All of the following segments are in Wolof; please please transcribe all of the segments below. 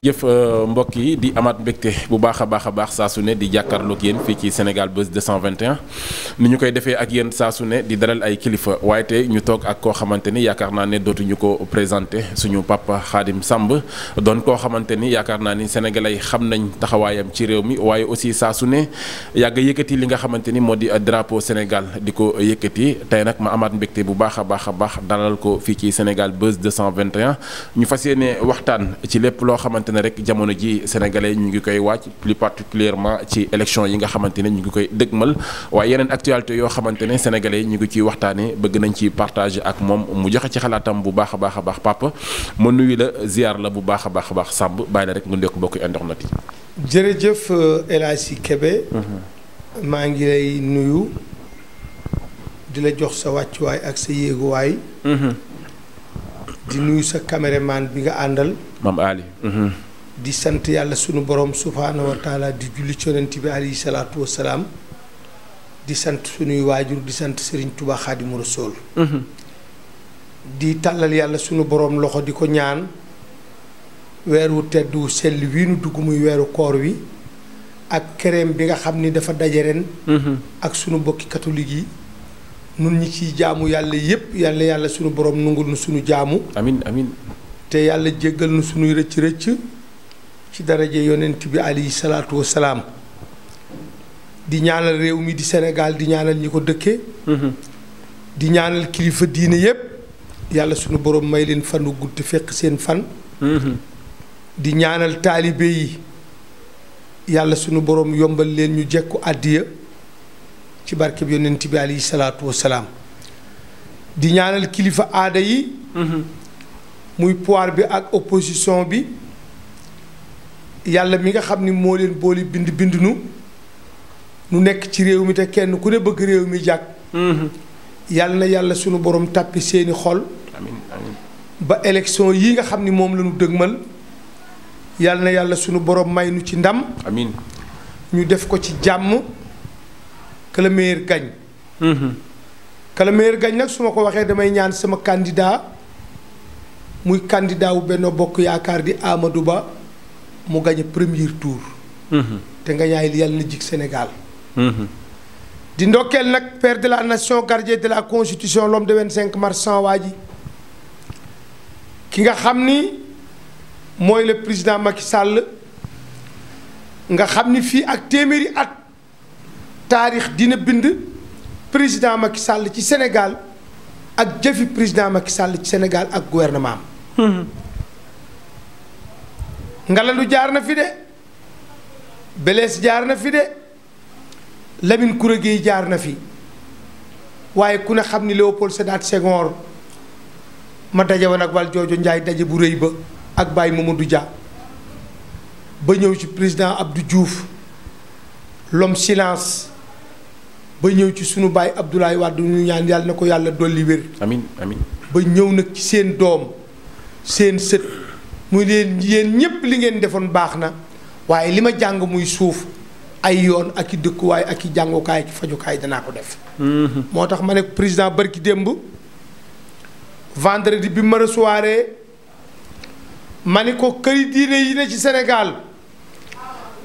jëf euh, mbokk yi di amaat mbégte bu baax a baax a baax saa su di jàkkaarloog yéen fii ci Sénégal Buzz 221 ni ñu koy defee ak yéen saa su di dalal ay kilifa waaye te ñu toog ak koo xamante ni yaakaar naa ne dootuñu ko présenté suñu papa Khadim Samb doon koo xamante ni yaakaar naa ni sénégalais xam nañ taxawaayam ci réew mi waaye aussi saa su ne yàgg yëkkati li nga xamante ni moo di drapeau Sénégal di ko yëkkati tey nag ma amaat mbégte bu baax a baax a baax dalal ko fii ci Sénégal Buzz 221 ñu fas yéene waxtaan xamante rek jamono ji sénégalais ñu ngi koy wàcc plus particulièrement ci élection yi nga xamante ne ñu ngi koy dëgmal waaye yeneen actualité yoo xamante ne sénégalais ñu ngi ciy waxtaane bëgg nañ ci partager ak moom mu joxe ci xalaatam bu baax a baax a baax papa ma nuyu la ziar la bu baax a baax a baax sàmb bàyyi la rek nga ndekk mbokk internet yi jërëjëf euh, El Hadji Kébé mm-hmm. maa ngi lay nuyu di la jox sa wàccuwaay ak sa yéeguwaay mm-hmm. di nuyu sa caméraman bi nga àndal maam mhm. di sant yàlla sunu boroom subhaanahu wa taala di julli ci bi alayhi salaatu wa di sant sunuy waajur di sant Serigne Touba Xaadimu Rasuul mhm. di tàllal yàlla sunu boroom loxo di ko ñaan weer wu tedd wu sell wii nu dugg muy weeru koor wi ak kereem bi nga xam ni dafa daje ren. Mhm. ak sunu bokki catholique yi. nun ñi ciy jaamu yàlla yépp yàlla yàlla sunu borom nungul nu sunu jaamu. te yàlla jéggal na sunuy rëcc rëcc ci dara daraje yonent bi alayhi salaatu wasalaam di ñaanal réew mi di Sénégal di ñaanal ñi ko dëkkee mhm. di ñaanal kilifa diine yépp yàlla sunu boroom may leen fanu gudd fekk seen fan mhm. di ñaanal taalibe yi yàlla sunu boroom yombal leen ñu jekku àddiya ci barkeb yonent bi alayhi salaatu wasalaam di ñaanal kilifa aada yi mhm. muy pouvoir bi ak opposition bi yàlla mi nga xam ni moo leen booli bind bind nu nu nekk ci réew mi te kenn ku ne bëgg réew mi jàkk mm-hmm. yàlla na yàlla sunu borom tàppi seeni xol ba élection yi nga xam ni moom la ñu dëgmal yàlla na yàlla sunu borom may nu ci ndam amiin ñu def ko ci jàmm que le meilleur gagne mm-hmm. que nag su ma ko waxee damay ñaan sama candidat muy candidat wu Bokk Yaakaar di Amadou Ba mu gañe premier tour. Mhm. te nga yaay yàlla na jig Sénégal. Mhm. di ndokkeel nag père de la nation garde de la constitution l'homme de 25 mars sans waa ji ki nga xam ni mooy le président Macky sàll nga xam ni fii ak téeméeri at taarix dina bind président Macky sàll ci Sénégal. ak jëfi président Macky Sall ci Sénégal ak gouvernement am ngalandu jaar na fi de belees jaar na fi de Lamine Koura Gueye jaar na fi waaye ku ne xam ni Léopold Sédar Senghor ma daje woon ak wal joojo Njaay daje bu rëy ba ak Baye du Dia ba ñëw ci président Abdou juuf l'homme silence ba ñëw ci sunu baay Abdoulaye Wade ñu ñaan yàlla na ko yàlla dolli wér. amiin ba ñëw nag ci seen doom. seen sët muy leen yéen ñépp li ngeen defoon baax na waaye li ma jàng muy suuf ay yoon ak i dëkkuwaay ak i jàngukaay ak i fajukaay danaa ko def mm-hmm. moo tax ma ne président bërki démb vendredi bi ma recevoir ma ni ko këri diine yi ne ci senegal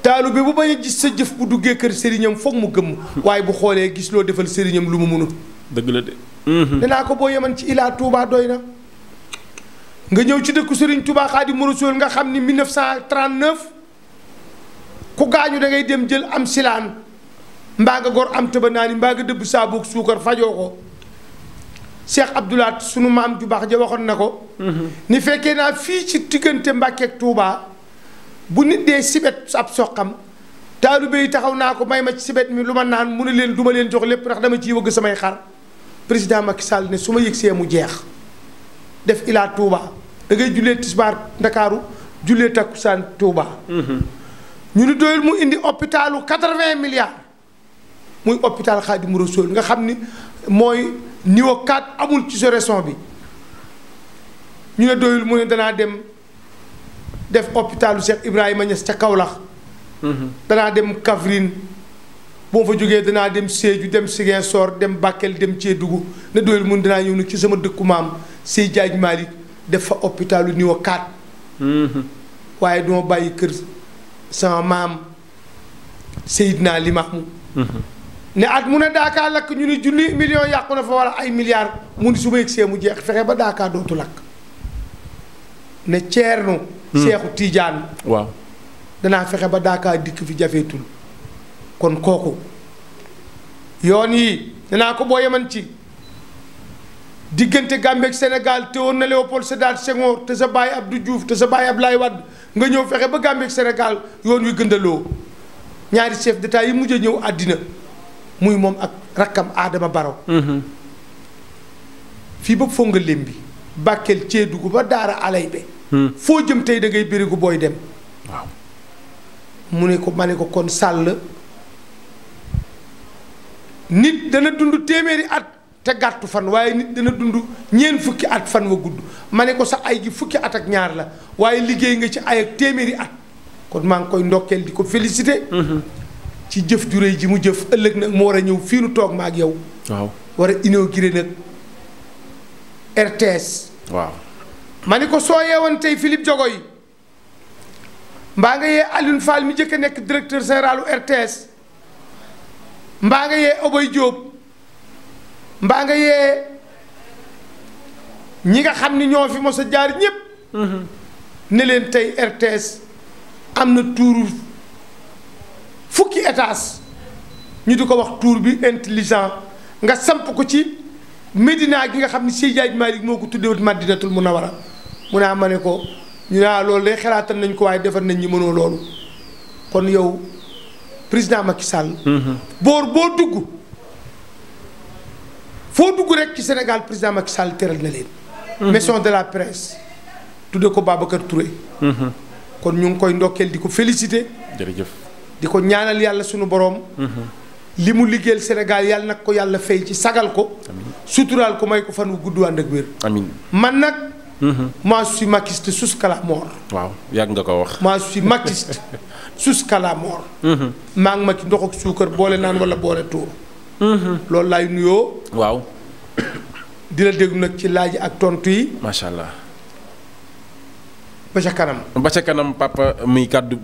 Sénégal bi bu bañ a gis sa jëf bu duggee kër sëriñam foog mu gëmm waaye bu xoolee gis loo defal sëriñam lu mu munut dëgg la de dinaa ko boo yeman ci ilaa Touba doy na nga ñëw ci dëkku Serigne Touba Xaadimu Rasuul nga xam ni 1939 ku gaañu da ngay dem jël am silaan mbaa nga gor am tëba naa ni mbaa nga dëbb saabu ak suukar fajoo ko Cheikh Abdoulaat sunu maam ju baax ja waxoon na ko. Mhm. ni fekkee naa fii ci diggante Mbàkke tuubaa bu nit dee sibet ab soqam taalibe yi taxaw naa ko may ma ci sibet mi lu ma naan mu ne leen duma leen jox lépp ndax dama ciy wëgg samay xar président Macky Sall ne su ma see mu jeex. def ilaa Touba dangay ngay jullee tisbaar Ndakaaru jullee takkusaan Touba. Mhm. ñu ni doyul mu indi hôpitalu quatre vingt milliards muy hôpital Khadimou Rassoul nga xam ni mooy niveau 4 amul ci sa région bi ñu ne doyul mu ne danaa dem def hôpitalu Cheikh Ibrahima Niass ca Kaolack mhm. danaa dem Kaffrine boo fa jógee danaa dem Sédhiou dem Ziguinchor dem Bakel dem Kédougou ne doyul mu ne danaa ñëw nag ci sama dëkku maam Sey Diagne Malick def fa hôpitalu niveau 4. Mhm. waaye duma bàyyi kër sama maam Seydina Limaamu mhm. ne at mu ne daakaa lakk ñu ni junni million yàqu na fa wala ay milliards mu ni su ma yëgsee mu jeex fexe ba daakaa dootu lakk ne ceerno seexu mhm. tiijaan waaw danaa fexe ba daakaa dikk fi jafeetul kon kooku yoon yi danaa ko boo yeman ci diggante gàmbeek ak Sénégal te woon na Léopold Sédar Senghor te sa baay Abdou Diouf te sa baay Abdoulaye Wade nga ñëw fexe ba gàmbeek ak yoon wi gëndaloo ñaari chef d'état yi mujj ñëw àddina muy moom ak rakkam aadama Barrow mhm. fii ba foog nga lém bi Bakel Kédougou ba Daara alay be hmm. foo jëm tey dangay ngay bérigu booy dem waaw mu ne ko ma ne ko kon sàll nit dana dund téeméeri at te gàttu fan waaye nit dana dund ñeen fukki at fan wa gudd ma ne ko sa ay gi fukki at ak ñaar la waaye liggéey nga ci ay ak téeméeri at kon maa ngi koy ndokkeel di ko félicité mhm. ci jëf ju ji mu jëf ëllëg nag moo war a ñëw fii nu toog ma ak yow waaw war a inauguré nag RTS ma ne ko soo yeewoon tey Philippe Diogoy mbaa nga yee Alioune Fall mi jëkk a nekk directeur général RTS mbaa nga yee Oboy Diop mbaa nga yee ñi nga xam ni ñoo fi mos jaar ñëpp. Mm-hmm. ne leen tey RTS am na tuuru fukki étage ñu di ko wax tuur bi intelligent nga samp ko ci Medina gi nga xam ni Seydi Jaaj Malik moo ko tuddee Madinatul Munawara mu a ma ne ko ñu naa ah loolu day xalaatal nañ ko waaye defar nañ ñi mënoo loolu kon yow président Macky Sall. Mm-hmm. boor boo dugg. foo dugg rek ci Sénégal président Macky Sall teral na leen. Mhm. maison de la presse. tudde ko kër Touré. Mhm. kon ñu ngi koy ndokkeel di ko félicité. jërëjëf di ko ñaanal yàlla sunu boroom. Mhm. li mu liggéeyal Sénégal yàlla nag ko yàlla fay ci sagal ko. suturaal ko may ko fan wu gudd ànd ak wér. man nag. moi je suis maquiste jusqu'à la waaw yàgg nga ko wax. moi je suis maquiste jusqu'à la mort. maa ngi ma ci ndox ak suukar boole naan wala boole tuur. loolu laay nuyoo. waaw. di la déglu nag ci laaj ak tontu yi. macha allah. ba ca kanam. mi ca kanam yu am kàddu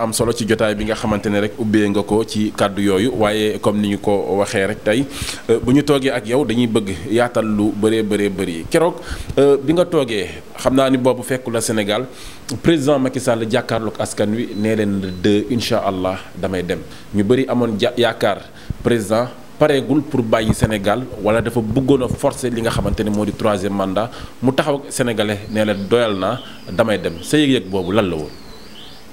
am solo ci jotaay bi nga xamante ne rek ubbee nga ko ci kàddu yooyu waaye comme ni ñu ko waxee rek tey euh, bu ñu toogee ak yow dañuy bëgg yaatal lu bëree bëree bëri keroog euh, bi nga toogee xam naa ni boobu fekku la Sénégal président Macky Sall jàkkaarloog askan wi nee leen de incha allah damay dem ñu bëri amoon ja yaakaar. président pareegul pour bàyyi Sénégal wala dafa bëggoon a li nga xamante ne moo di troisième mandat mu taxaw ak sénégalais nee la doyal na damay dem sa yëg-yëg boobu lan la woon.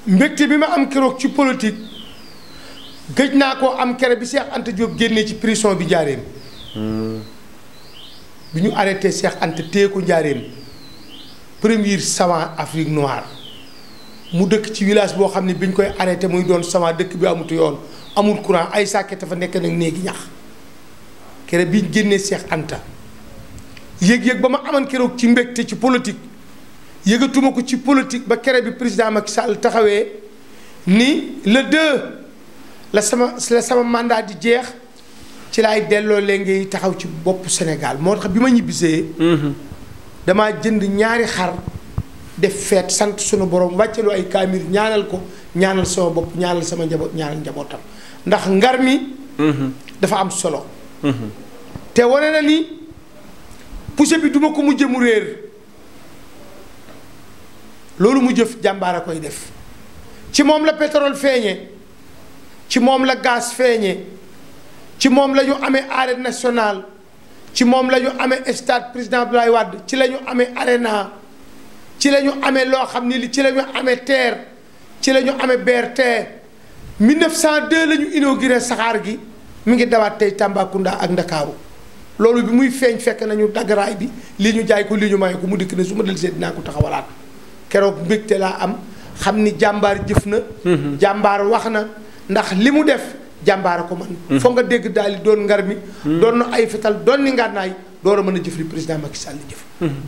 mbégte bi ma am keroog ci politique gëj naa ko am kere bi Cheikh Anta Diop génnee ci prison bi njaareem. bi ñu arrêté Cheikh Anta téye ko njaareem premier savant Afrique noire mu dëkk ci village boo xam ne bi ñu koy arrêté muy doon sama dëkk bi amatu yoon. amul courant ay sàkket a fa nekk nag néegi ñax kere bi génnee Seex Anta yëg-yëg ba ma amoon keroog ci mbégte ci politique yëgatuma ko ci politique ba kere bi président Macky Sall taxawee ni le 2 la sama la sama mandat di jeex ci laay delloo léegi taxaw ci bopp Sénégal moo tax bi ma ñibbisee mhm. damaa jënd ñaari xar def feet sant sunu borom wàccelu ay kaamir ñaanal ko ñaanal sama bopp ñaanal sama njaboot ñaanal njabootam ndax ngar mi mhm. dafa am solo mhm. te wane na ni poussé bi duma ko mujje mu réer loolu mu jëf jàmbaar a koy def ci moom la pétrole feeñe ci moom la gaz feeñe ci moom lañu amee arène nationale ci moom lañu ñu amee stade président Abdoulaye Wade ci lañu amee arena ci la ñu amee loo xam ni li ci la ñu amee TER ci la ñu amee BRT 1902 la ñu inauguré saxaar gi mu ngi dawaat tey Tambacounda ak Ndakaaru loolu bi muy feeñ fekk nañu dagg raay bi lii ñu jaay ko li ñu maye ko mu dikk ne su ma dellusee dinaa ko taxawalaat keroog mbégte laa am xam ni jàmbaar jëf na. Mhm. jàmbaar wax na ndax li mu def jàmbaar ko man mhm. foo nga dégg daal di doon ngar mi. Mhm. doon na ay fetal doon ni ngànnaay door mën a jëf li président Macky Sall jëf.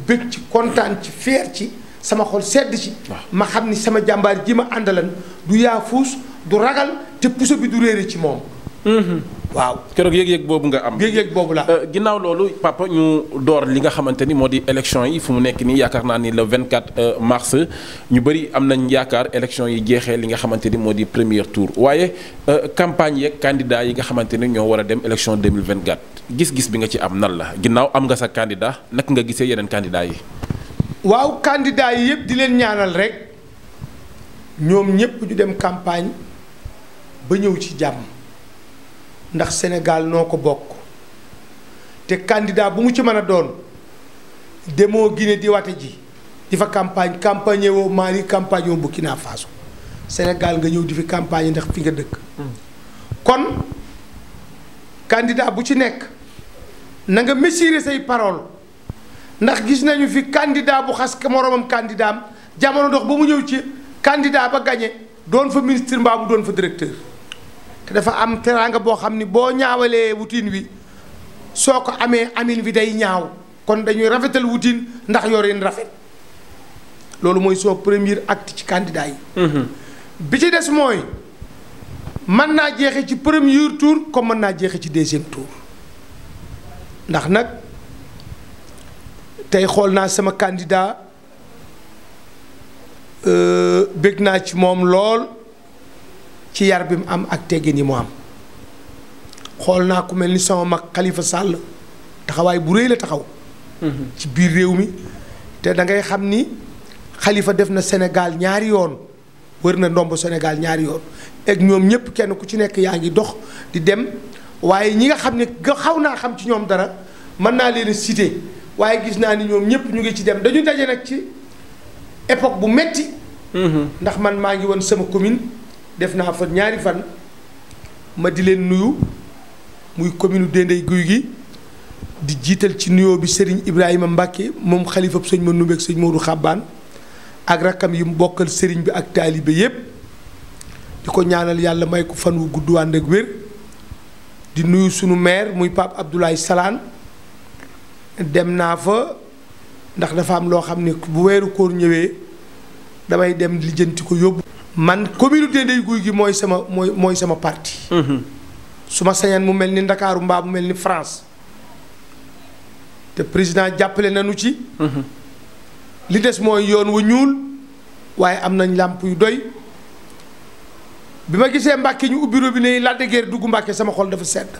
bég ci kontaan ci fier ci. sama xol sedd ci ma xam ni sama jàmbaar ji ma àndalan du yaafuus du ragal te puso bi du réere ci moom mhm. waaw keroog yëg-yëg boobu nga am. yëg-yëg boobu euh, ginnaaw loolu papa ñu door li nga xamante ni moo di élection yi fu mu nekk nii yaakaar naa ni le 24 euh, mars ñu bëri am nañ yaakaar election yi jeexee li nga xamante ni moo di premier tour waaye euh, campagne yeeg candidat yi nga xamante ni ñoo war a dem vingt 2024 gis-gis bi nga ci am nan la ginnaaw am nga sa candidat naka nga gisee yeneen candidat yi. waaw candidat yi yëpp di leen ñaanal rek ñoom ñépp ñu dem campagne ba ñëw ci jàmm ndax Sénégal noo ko bokk te candidat bu mu ci mën a doon demoo Guinée di wate ji di fa campagne campagne woo Mali campagne woo Burkina Faso Sénégal nga ñëw di fi campagne ndax fi nga dëkk hmm. kon candidat bu ci nekk na nga mesurer say parole ndax gis nañu fi candidat bu xas moroomam candidat jamono dox ba mu ñëw ci candidat ba gañe doon fa ministre mbaa mu doon fa directeur te dafa am teraanga boo xam ni boo ñaawalee wutin wi soo ko amee amin bi day ñaaw kon dañuy rafetal wutin ndax yorin rafet loolu mooy soo premier acte ci candidat yi mhm. bi ci des mooy mën naa jeexee ci premier tour comme mën naa jeexe ci deuxième tour ndax nag tey xool naa sama candidat euh, bég naa ci moom lool ci yar bi mu am ak teggin yi mu am xool naa ku mel ni sama mag Khalifa sàll taxawaay bu réy la taxaw mhm. ci biir réew mi te da ngay xam ni xalifa def na senegal ñaari yoon wër na ndomb Sénégal ñaari yoon ak ñoom ñëpp kenn ku ci nekk yaa ngi dox di dem waaye ñi nga xam ne xaw naa xam ci ñoom dara mën naa leen a waaye gis naa ni ñoom ñëpp ñu ngi ci dem dañu daje nag ci époque bu metti mm-hmm. ndax man maa ngi woon sama commune def naa fa ñaari fan ma di leen nuyu muy commune Dendey Guy gi di jiital ci nuyoo bi Serigne Ibrahima Mbacke moom xalifa sëñ ma numbeeg sëñ Modou Xabbaan ak rakkam yi mu bokkal sëriñ bi ak taalibe yépp di ko ñaanal yàlla may ko fan wu gudd ànd ak wér di nuyu sunu maire muy Pape Abdoulaye Salaan dem naa fa ndax dafa am loo xam ne bu weeru koor ñëwee damay dem lijjanti ko yóbbu. man communauté Ndeye guy gi mooy sama mooy mooy sama parti. Mhm. su ma sañan mu mel ni Ndakaaru mbaa mu mel ni France te président jàppale nañu ci. Mhm. li des mooy yoon wu ñuul waaye am na làmp yu doy bi ma gisee Mbàkke ñu ubbi robinet yi Lac de Guiers dugg Mbàkke sama xol dafa sedd.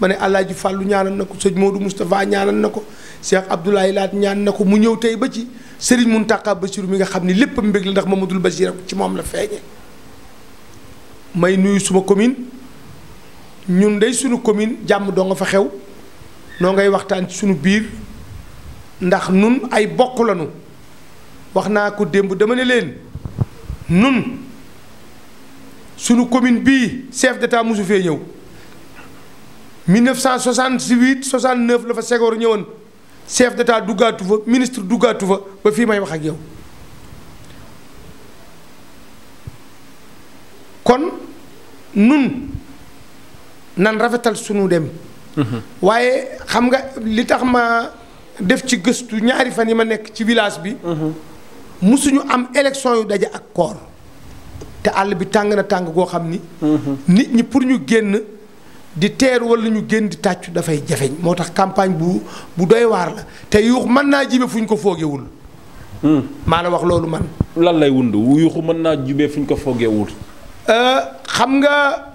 ma ne Alaaji Fàllu ñaanal na ko sëñ Modou Moustapha ñaanal na ko Cheikh Abdoulaye Laat ñaan na ko mu ñëw tey ba ci Serigne Mountakha Bassirou mi nga xam ni lépp mbég la ndax Mamadou Bassir ci moom la feeñe may nuyu suma commune ñun day sunu commune jàmm doo nga fa xew noo ngay waxtaan ci sunu biir ndax nun ay bokk lañu wax naa ko démb dama ne leen nun sunu commune bii chef d'état mosu fee ñëw 1968 69 la fa Senghor ñëwoon chef d'état duggaatu fa ministre duggaatu fa ba fii may wax ak yow kon nun nan rafetal sunu dem. Mhm. waaye xam nga li tax ma def ci gëstu ñaari fan yi ma nekk ci village bi. Mhm. musuñu am élection yu daje ak koor te àll bi tàng na tàng goo xam ni. Mhm. nit ñi pour ñu génn. di teer wala ñu génn di tàccu dafay jafeñ moo tax campagne bu bu doy waar la te yuux mën naa jibe fu ñu ko foogewul hmm. maa wax loolu man lan lay wund yuuxu mën naa jibee fu ko foogewul euh, xam nga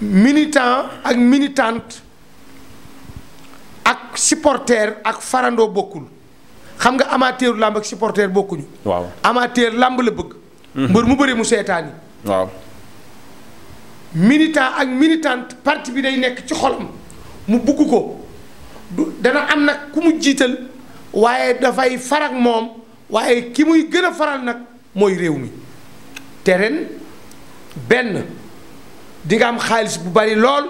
militant ak militante ak supporter ak farandoo bokkul xam nga amateur làmb ak supporter bokkuñu waaw amateur làmb la bëgg hmm. mbër mu bëri mu seetaani waaw militant ak militante parti bi day nekk ci xolam mu bugg ko du dana am nag ku mu jiital waaye dafay farak moom waaye ki muy gën a faral nag mooy réew mi te ren benn dinga am xaalis bu bari lool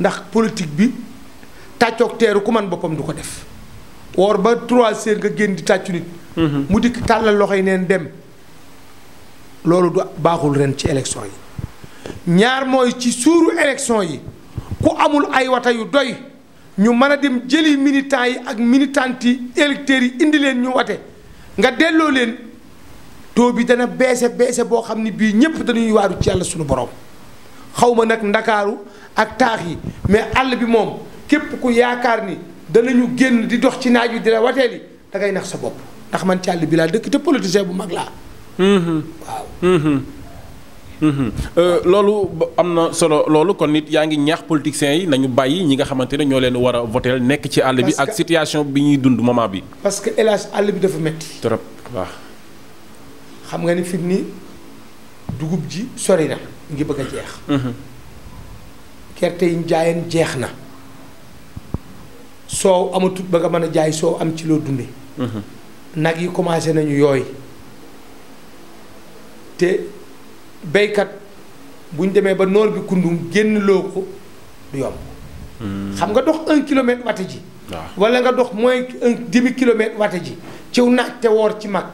ndax politique bi tàccoog teeru ku man boppam du ko def woor ba trois heures nga génn di tàccu nit mhm. mu dikk tàllal loxo yi neen dem loolu du baaxul ren ci élection yi ñaar mooy ci suuru élection yi ku amul ay wata yu doy ñu mën a dem jëli militants yi ak militantes yi électeurs yi indi leen ñu wate nga delloo leen taux bi dana beese beese boo xam ni bii ñépp dañuy waaru ci yàlla suñu borom xawma nag ndakaaru ak taax yi mais àll bi moom képp ku yaakaar ni danañu génn di dox ci naaj wi di la wateeli da ngay nax sa bopp ndax man ci àll bi laa dëkk te politicien bu mag laa mm-hmm. waaw mm-hmm. Euh, loolu am na solo loolu kon nit yaa ngi ñaax politiciens yi nañu bàyyi ñi nga xamante ne ñoo leen war a voter nekk ci àll bi ak situation bi ñuy dund moment bi parce que hélas àll bi dafa metti trop waaw xam nga ni fi ni dugub ji sori na ngi bëgg a jeex mhm. gerte yi jaayeen jeex na soow amatut ba nga mën a jaay soow am ci loo dunde mhm. nag yi commencé nañu yooy te béykat bu ñu demee ba noor bi kundum génn loo ko du yomb. Hmm. xam nga dox un kilomètre wate ji. wala nga dox mooy un demi kilomètre wate ji ciw nax te woor ci mag.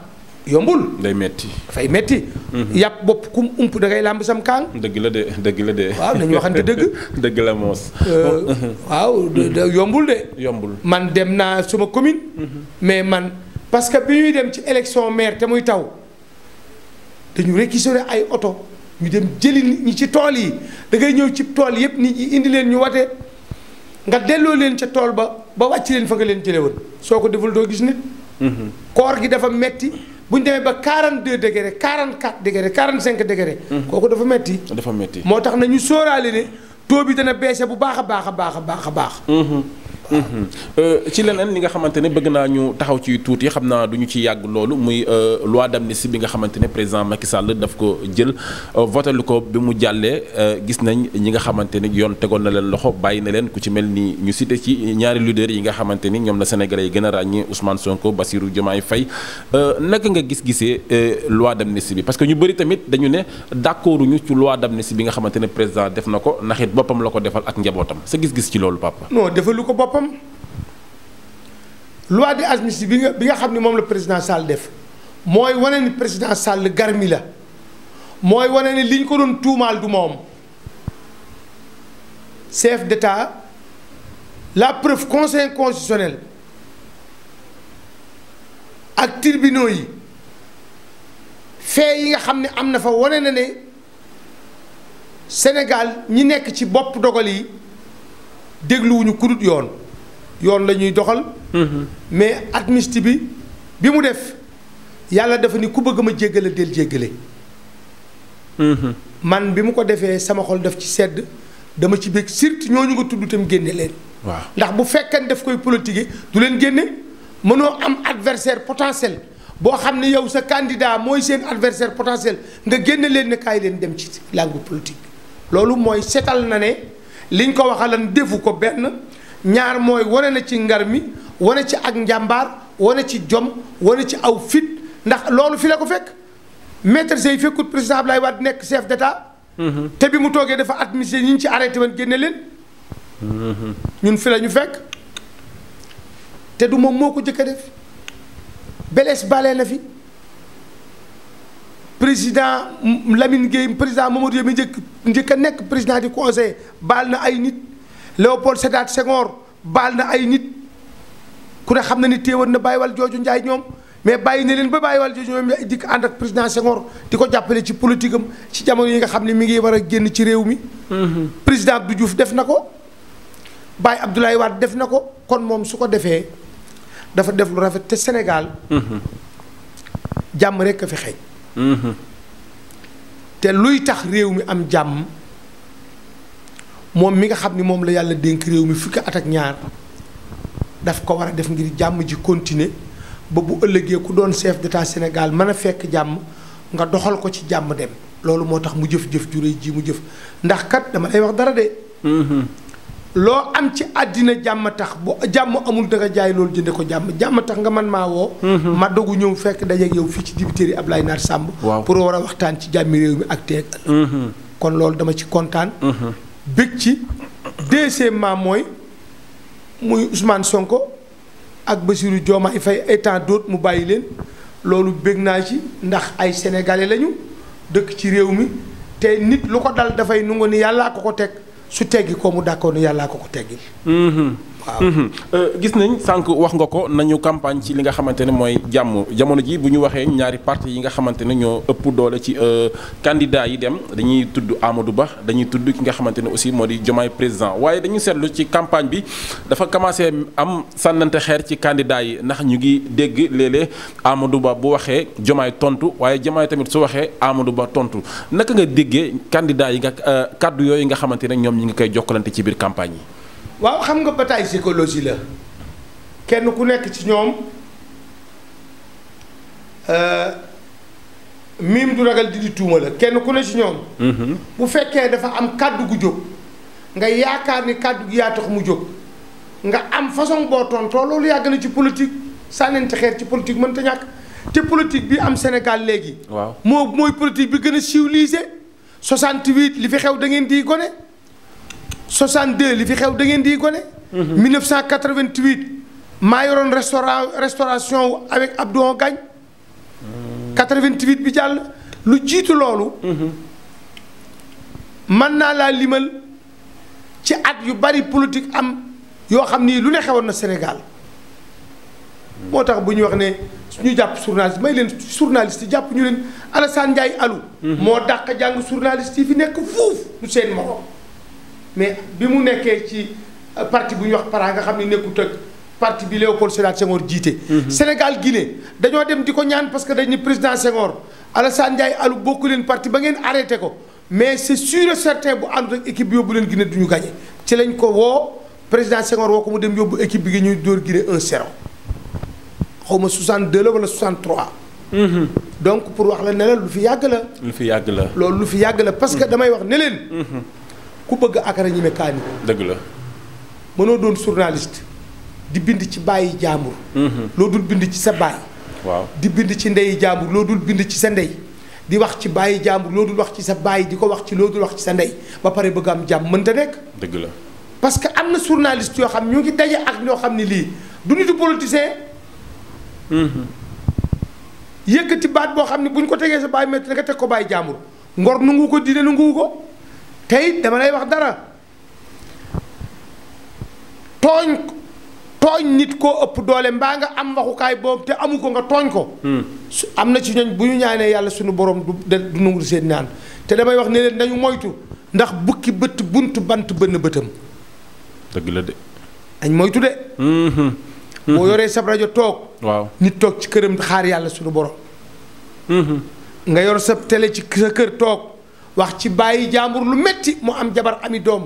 yombul day metti dafay metti hmm. yàpp bopp kum ump da ngay làmb sam kaang. dëgg la de dëgg la de. waaw nañu waxante dëgg. dëgg la moos. Euh, waaw yombul de. yombul man dem naa suma commune. Hmm. mais man parce que bi ñuy dem ci élection maire te muy taw. dañu réquisitionné ay oto ñu dem jëli ñi ci tool yi dangay ñëw ci tool yépp nit ñi indi leen ñu wate nga delloo leen ca tool ba ba wàcc leen fa nga leen jëlee woon soo ko deful doo gis nit. Mm-hmm. koor gi dafa metti bu ñu demee ba 42 degré 44 degré cinq degré. kooku dafa metti dafa metti moo tax na ñu sóoraale ne taux bi dana baissé bu baax a baax a baax a baax a baax. Mm-hmm. Euh, ci leneen li nga xamante ne bëgg naa ñu taxaw ci tuuti xam naa du ñu ci yàgg loolu muy euh, loi d'amnistie bi nga xamante ne président Macky Sall daf ko jël euh, voté lu ko bi mu jàllee gis nañ ñi nga xamante ni yoon tegoon na leen loxo bàyyi na leen ku ci mel ni ñu cité ci ñaari leaders yi nga xamante ni ñoom na Sénégalais yi gën a ràññee Ousmane Sonko Bassirou Diomaye Faye naka nga gis-gisee dem d'amnistie bi parce que ñu bëri tamit dañu ne d'accord ñu ci loi d'amnistie bi nga xamante ne président def na ko ndax boppam la ko defal ak njabootam sa gis-gis ci loolu papa boppam de di bi nga bi nga xam ne moom la président Sall def mooy wane ni président Sall garmi la mooy wane ni li ñu ko doon tuumaal du moom chef d'état la preuve conseil constitutionnel ak tirbino yi fee yi nga xam ni am na fa wane na ne Sénégal ñi nekk ci bopp dogal yi dégluwuñu kudut yoon yoon la ñuy doxal. Mm-hmm. mais amnistie bi bi mu def yàlla dafa ni ku bëgg ma jéggale del jéggale. Mm-hmm. man bi mu ko defee sama xol def ci sedd dama ci bëgg ñoo ñu nga tudd tam génne leen. waaw ndax bu fekkee daf koy politique du leen génne mënoo am adversaire potentiel boo xam ne yow sa candidat mooy seen adversaire potentiel nga génne leen ne kaay leen dem ci làngu politique. loolu mooy setal na ne liñ ko wax waxalan defu ko benn. ñaar mooy wane na ci ngar mi wane ci ak njàmbaar wane ci jom wane ci aw fit ndax loolu fi la ko fekk maître Seye fekkut président Abdoulaye Wade nekk chef d'état mm-hmm. te bi mu toogee dafa administré ñi ci arrêté woon génne leen mm-hmm. ñun fi la ñu fekk te du moom moo ko jëkk a def belees bale na fi président Lamine Gueye président Mamadou Dia mi njëkk njëkk a nekk président du conseil baal na ay nit Léopold Sédar Senghor baal na ay nit ku ne xam na ni téewoon na bàyyiwal jooju njaay ñoom mais bàyyi na leen ba bàyyiwal jooju ñoom dikk ànd ak président ko jàppale ci politique ci jamono yi nga xam ne mi ngi war a génn ci réew mi. Mm-hmm. président Abdou Diouf def na ko. Baye Abdoulaye Wade def na ko kon moom su ko defee dafa def lu rafet te Sénégal. Mm-hmm. jàmm rekk a fi xeeñ. Mm-hmm. te luy tax réew mi am jàmm. moom mi nga xam ni moom la yàlla dénk réew mi fukki at ak ñaar daf ko war a def ngir jàmm ji continuer ba bu ëllëgee ku doon chef d'état Sénégal mën a fekk jàmm nga doxal ko ci jàmm dem loolu moo tax mu jëf jëf jure ji mu jëf ndax kat dama lay wax dara de. Mm-hmm. loo am ci àddina jàmm tax bu jàmm amul danga jaay loolu jënde ko jàmm jàmm tax nga man maa woo. Mm-hmm. ma dogu ñëw fekk dajeeg yow fii ci dibiteeri Ablaye Naar Samb. waaw pour war a waxtaan ci jàmmi réew mi ak teeg. Mm-hmm. kon loolu dama ci kontaan. bëgg ci deuxièmement mooy muy Ousmane Sonko ak Bassirou Diomaye Faye et tant d'autres mu bàyyi leen loolu bëgg naa ci ndax ay sénégalais lañu dëkk ci réew mi te nit lu ko dal dafay nungu ni yàllaa ko ko teg su teggi ko mu dàkkoon yàllaa ko ko teggi mm-hmm. Mhm. Euh, gis nañ sànq wax nga ko nañu campagne ci li nga xamante ne mooy jàmm jamono ji bu ñu waxee ñaari partie yi nga xamante ne ñoo ëpp doole ci euh, candidat yi dem dañuy tudd amadu Ba dañuy tudd ki nga xamante ne aussi moo di Diomaye président waaye dañu seetlu ci campagne bi dafa commencé am sànnante xeer ci candidat yi ndax ñu ngi dégg léeg-léeg Amadou Ba bu waxee Diomaye tontu waaye Diomaye tamit su waxee amadu Ba tontu naka nga déggee candidat yi nga euh, kàddu yooyu nga xamante ne ñoom ñi ngi koy jokkalante ci biir campagne yi waaw xam nga bataille psychologie la kenn ku nekk ci ñoom euh, miim du ragal di di tuuma la kenn ku ne ci ñoom. Mm-hmm. bu fekkee dafa am kàddu gu jóg nga yaakaar ni kàddu gi yaa tax mu jóg nga am façon boo tontoo loolu yàgg na ci politique sànnante xeer ci politique mën ñàkk te politique bi am Sénégal léegi. waaw moo mooy politique bi gën a siw civilisé 68 li fi xew da ngeen di gone. 62 li fi xew da ngeen di gone. 1988 mhm. maa yoroon restaurant restauration avec Abdou Gagne. 88 mhm. bi jàll lu jiitu loolu. Mhm. mën naa laa limal ci at yu bari politique am yoo xam ni lu ne xewoon na Sénégal. moo tax bu ñu wax ne suñu jàpp journaliste may leen journaliste yi jàpp ñu leen Alassane Ndiaye Alou. moo dàq jàng journaliste yi fi nekk fuuf lu seen morom. mais bi mu nekkee ci euh, parti bu ñuy wax para nga xam ne nekkut ak parti bi Léopold Sédar Senghor jiite. Mhm. Sénégal Guinée dañoo dem di ko ñaan parce que dañ ni président Senghor Alassane Ndiaye alu bokku leen parti ba ngeen arrêté ko mais c' est sûr et certain bu àndut ak équipe bi yóbbu leen Guinée du ñu gagné ci lañ ko woo président Senghor woo ko mu dem yóbbu équipe bi ñuy dóor Guinée 1-0 xaw ma 62 la wala 63. Mhm. donc pour wax la ne la lu fi yàgg la. lu fi yàgg la loolu lu fi yàgg la parce que mhm. damay wax ne leen. ku bëgg akara ñime kaani dëgg la mënoo doon journaliste di bind ci bàyyi jaambur mhm. loo dul bind ci sa bàyyi waaw di bind ci ndeyi jaambur loo dul bind ci sa ndey di wax ci bàyyi jaambur loo dul wax ci sa bàyyi di ko wax ci loo dul wax ci sa ndey ba pare bëgg am jàmm mënta nekk dëgg la parce que am na journaliste yoo xam ñu ngi daje ak ñoo xam ne lii du nitu politicien mhm. yëkkati baat boo xam ne bu ñu ko tegee sa bàyyi métti nga teg ko bàyyi jaambur ngor nungu ko diine nungu ko tey dama lay wax dara tooñ tooñ nit koo ëpp doole mbaa nga am waxukaay boobu te amu ko nga tooñ ko. Hmm. su am na ci ñooñ bu ñu ñaanee yàlla suñu borom du du nungul seen ñaan te damay wax ne dañu moytu ndax bukki bëtt bunt bant bënn bëtam. dëgg la de. dañ moytu de. Hmm. Hmm. boo yoree sab rajo toog. waaw nit toog ci këram xaar yàlla suñu borom. nga yor sa télé ci sa kër toog. wax ci bàyyi jaambur lu métti mu am jabar ami doom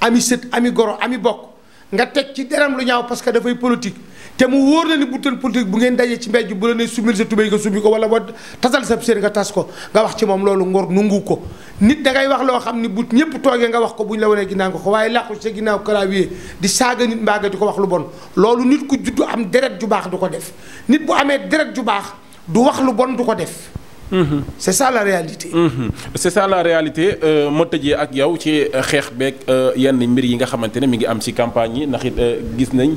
ami sët ami goro ami bokk nga teg ci deram lu ñaaw parce que dafay politique te mu wóor na ni bu doon politique bu ngeen dajee ci mbéj bu la ne sumil sa tubéy nga summi ko wala ba tasal sa séer nga tas ko nga wax ci moom loolu ngor nungu ko nit dangay wax loo xam ni bu ñëpp toogee nga wax ko bu ñu la wanee ginnaaw nga ko waaye làqu sa ginnaaw karawiye di saaga nit mbaaga di ko wax lu bon loolu nit ku juddu am deret ju baax du ko def nit bu amee deret ju baax du wax lu bon du ko def Mm-hmm. c'est ça la réalité. Mm-hmm. c'est ça réalité euh, ma tëjee ak yow ci euh, xeex beeg euh, yenn mbir yi nga xamante ne mi ngi am ci campagne yi ndax it gis nañ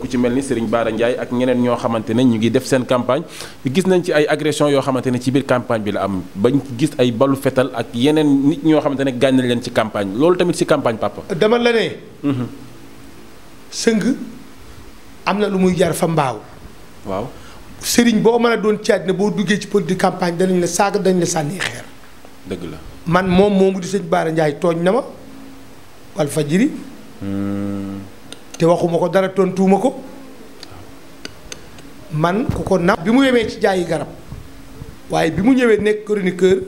ku ci mel ni Serigne Bara Ndiaye ak ñeneen ñoo xamante ne ñu ngi def seen campagne gis nañ ci ay agression yoo xamante ne ci biir campagne bi la am bañ gis ay balu fetal ak yeneen nit ñoo xamante ne gaañ nañ leen ci campagne loolu tamit ci campagne papa. dama la ne. Mm-hmm. sëng am na lu muy jar fa mbaaw. waaw. sëriñ boo mën a doon ci àddina boo duggee ci politique campagne danañ la saaga dañu la sànni xeer. la man moom moomu di sëñ Baara Ndiaye tooñ na ma wal fajiri hmm. te waxuma ko dara tontuwuma ko man ku ko nam bi mu yemee ci jaayi garab waaye bi mu ñëwee nekk kër ni kër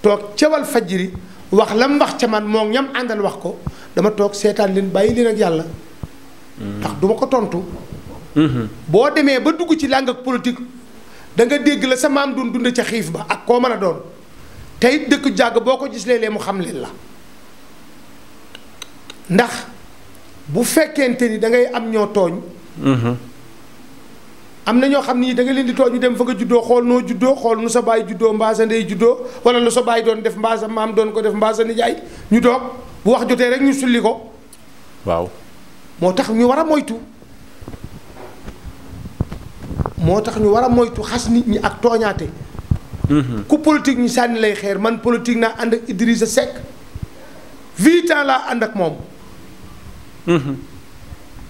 toog ca wal fajiri wax lam wax ca man moo ñam àndal wax ko dama toog seetaan leen bàyyi leen ak yàlla hmm. ndax duma ko tontu boo demee ba dugg ci làng ak politique da dégg la sa maam doon dund ca xiif ba ak koo mën a doon tey dëkk jàgg boo ko gis léeg mu xam leen la ndax bu fekkente ni da ngay am ñoo tooñ. am na ñoo xam ni danga leen di tooñ ñu dem fa nga juddoo xool noo juddoo xool nu sa baay juddoo mbaa sa ndey juddoo wala lu sa baay doon def mbaa sa maam doon ko def mbaa sa nijaay ñu toog bu wax jotee rek ñu sulli ko. waaw moo tax ñu war a moytu. moo tax ñu war a moytu xas nit ñi ak tooñaate mm-hmm. ku politique ñu sànni lay xeer man politique naa ànd ak Idrissa Seck huit ans laa ànd ak moom mm-hmm.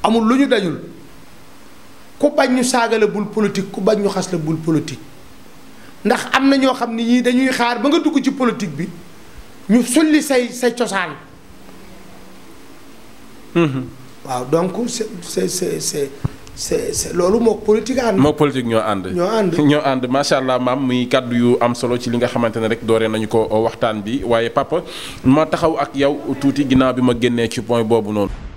amul lu ñu dajul ku bañ ñu saaga la bul politique ku bañ ñu xas la bul politique ndax am na ñoo xam ne ñii dañuy xaar ba nga dugg ci politique bi ñu sulli say say cosaan mm-hmm. waaw donc c'est c'est c'est c'est loolu moo politique ànd. moo ñoo ànd. ñoo ànd ñoo ànd macha allah maam muy kàddu yu am solo ci li nga xamante ne rek dooree nañu ko waxtaan bi waaye papa ma taxaw ak yow tuuti ginnaaw bi ma génnee ci point boobu noonu.